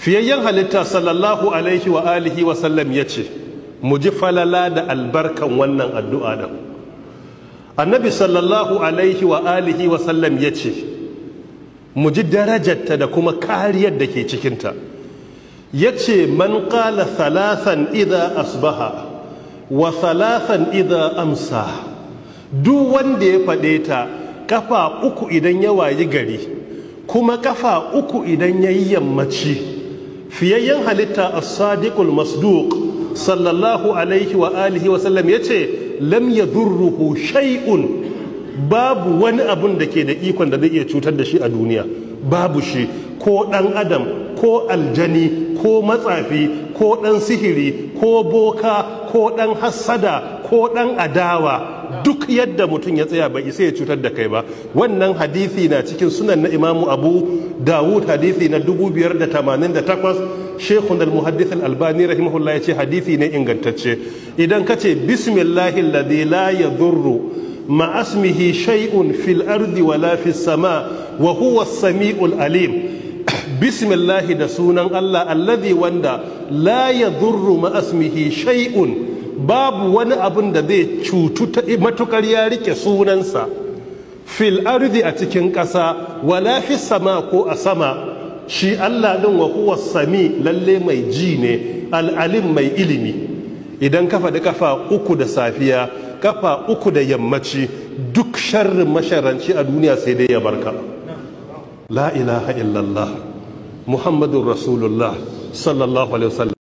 fiyayyen halitta sallallahu alaihi wa alihi wa sallam ya ce mu ji falala da albarkan wannan addu'a da annabi sallallahu alaihi wa alihi wa sallam ya ce mu ji darajarta da kuma kariyar da ke cikinta ya ce man kala salasan idha asbaha wa salasan idha amsa duk wanda ya faɗe ta kafa uku idan ya wayi gari kuma kafa uku idan ya yi yammaci fiyayyen halitta a sadiqul masduq sallallahu alaihi wa alihi wa sallam ce, lam durruhu shai'un babu wani abun da ke da ikon da zai iya cutar da shi a duniya babu shi ko dan adam ko aljani ko matsafi ko dan sihiri ko boka ko ɗan hassada ko ɗan adawa duk yadda mutum ya tsaya bai isa ya cutar da kai ba wannan hadithi na cikin sunan na imamu abu dawud hadithi na 588 shekhun al-muhaddith al-albani rahimahullah ya ce hadithi ne ingantacce idan ka ce bismillahi alladhi la yadurru ma asmihi shay'un fil ardi wala fis sama wa huwa as-sami'ul alim bismillahi da sunan Allah alladhi wanda la yadhurru ma asmihi shai'un, babu wani abun da zai cutu ta matukar ya riƙe sunansa fil ardi a cikin ƙasa wala fi sama ko a sama shi Allah din wa huwa sami lalle mai ji ne al'alim mai ilimi idan kafa da kafa uku da safiya kafa uku da yammaci duk sharrin masharanci a duniya sai dai ya barka la ilaha illallah محمد رسول الله صلى الله عليه وسلم